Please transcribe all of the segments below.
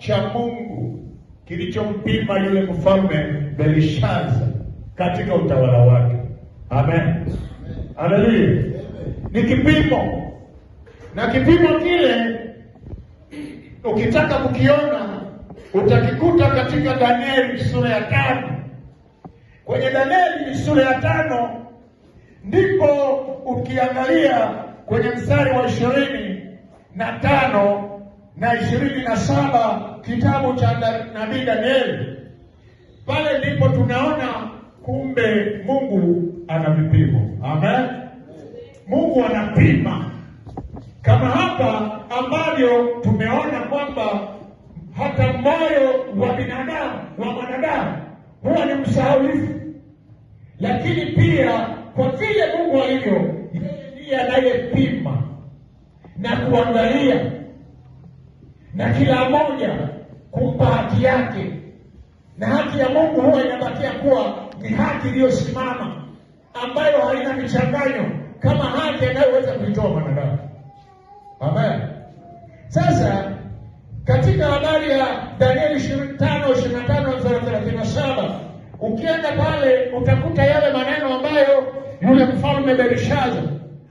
cha Mungu kilichompima yule mfalme belishaza katika utawala wake. Amen, haleluya! Ni kipimo, na kipimo kile ukitaka kukiona utakikuta katika Danieli sura ya tano. Kwenye Danieli sura ya tano ndipo ukiangalia kwenye mstari wa ishirini na tano na ishirini na saba kitabu cha nabii Danieli. Pale ndipo tunaona kumbe Mungu ana vipimo. Amen, Mungu anapima kama hapa ambavyo tumeona kwamba hata moyo wa binadamu wa mwanadamu huwa ni msahaulifu, lakini pia kwa vile Mungu alivyo, yeye ndiye anayepima na kuangalia na kila mmoja kumpa haki yake, na haki ya Mungu huwa inabakia kuwa ni haki iliyosimama ambayo haina michanganyo kama haki anayoweza kuitoa mwanadamu. Amen. Sasa katika habari ya Danieli 2525 37 ukienda pale utakuta yale maneno ambayo yule mfalme Belshaza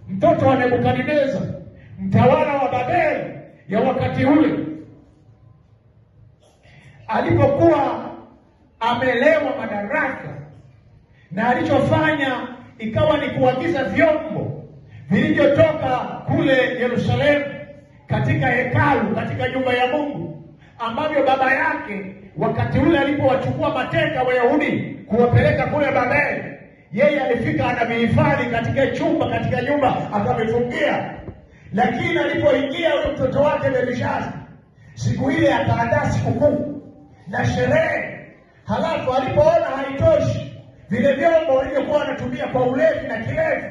mtoto wa Nebukadnezar mtawala wa Babeli ya wakati ule alipokuwa amelewa madaraka, na alichofanya ikawa ni kuagiza vyombo vilivyotoka kule Yerusalemu katika hekalu, katika nyumba ya Mungu ambavyo baba yake wakati ule alipowachukua mateka Wayahudi kuwapeleka kule Babeli, yeye alifika anavihifadhi katika chumba, katika nyumba akavifungia. Lakini alipoingia mtoto wake Belishazari siku ile akaandaa sikukuu na sherehe, halafu alipoona haitoshi, vile vyombo walivyokuwa wanatumia kwa ulevi na kilevi,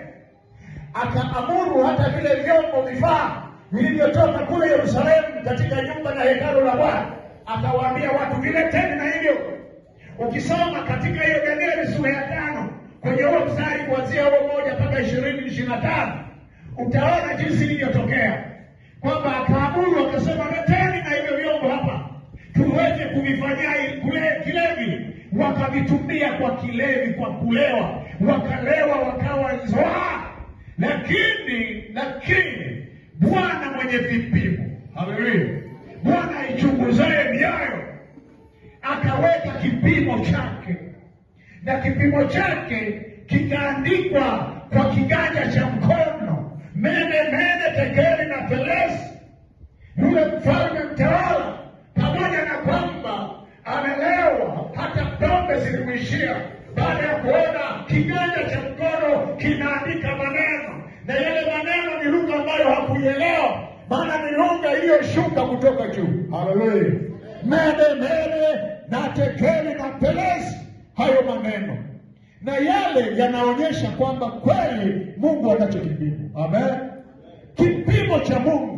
akaamuru hata vile vyombo vifaa vilivyotoka kule Yerusalemu katika nyumba na hekalu la Bwana, akawaambia watu vile teni Na hivyo ukisoma katika hiyo Danieli sura ya tano kwenye huo mstari kuanzia huo moja mpaka ishirini ishirini na tano utaona jinsi ilivyotokea kwamba akaamuru akasema leteni wakavitumia kwa kilevi, kwa kulewa, wakalewa, wakawa njaa. Lakini lakini Bwana mwenye vipimo, haleluya, Bwana aichunguzaye mioyo akaweka kipimo chake, na kipimo chake kikaandikwa kwa kiganja cha mkono mene kuishia, baada ya kuona kiganja cha mkono kinaandika maneno, na yale maneno ni lugha ambayo hakuielewa, maana ni lugha iliyoshuka kutoka juu. Haleluya! mede mede na tekeli na pelesi, hayo maneno na yale yanaonyesha kwamba kweli Mungu anacho kipimo. Amen, kipimo cha Mungu